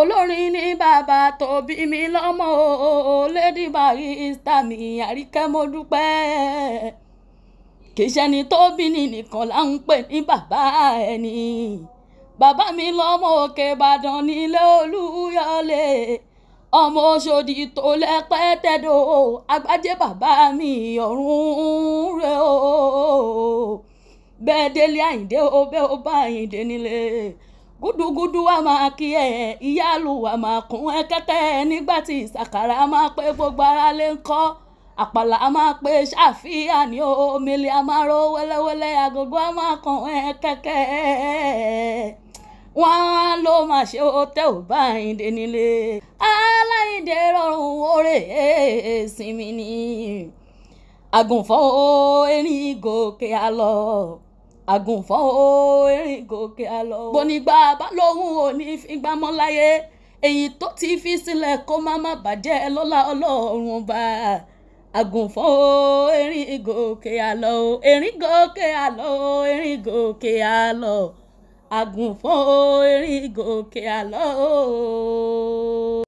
olórin ni bàbá tó bí mi lọ́mọ o lady barrister mi àríkẹ́ mo dúpẹ́ kì í ṣẹni tó bí ni nìkan là ń pè ní bàbá ẹni bàbá mi lọ́mọ òkè ìbàdàn nílé olúyọlé ọmọ Ọ̀ṣọ́dì tó lẹ́pẹ́ tẹ́dọ̀ agbájé bàbá mi ọ̀run rẹ̀ o bẹ́ẹ̀ délé àyíndé o bẹ́ẹ̀ ó bá àyíndé nílé gúdúgúdú wa máa kí ẹ ìyáàlú wa máa kún ẹ kẹ́kẹ́ ẹ nígbà tí ìsàkàrà máa pé gbogbo ara lè ń kọ́ àpàlà a máa pe ṣàfihàn ní omele a máa ro wẹ́lẹ́wẹ́lẹ́ agogo a máa kàn ẹ́ kẹ́kẹ́ wọ́n ló máa ṣe tẹ́ ò bá àyíǹde nílé aláìndé rọrùn oore èèsìn mi ni àgùnfọ́ erin gòkè àlọ́ àgùnfọ́n o erin gòkè àlọ́ o. bonigba bá lóhùn ò ní fígbà mọ́ láyé èyí tó ti fi sílẹ̀ kó má má bàjẹ́ lọ́lá ọlọ́run bá àgùnfọ́n o gòkè àlọ́ o gòkè àlọ́ o gòkè àlọ́ àgùnfọ́n o gòkè àlọ́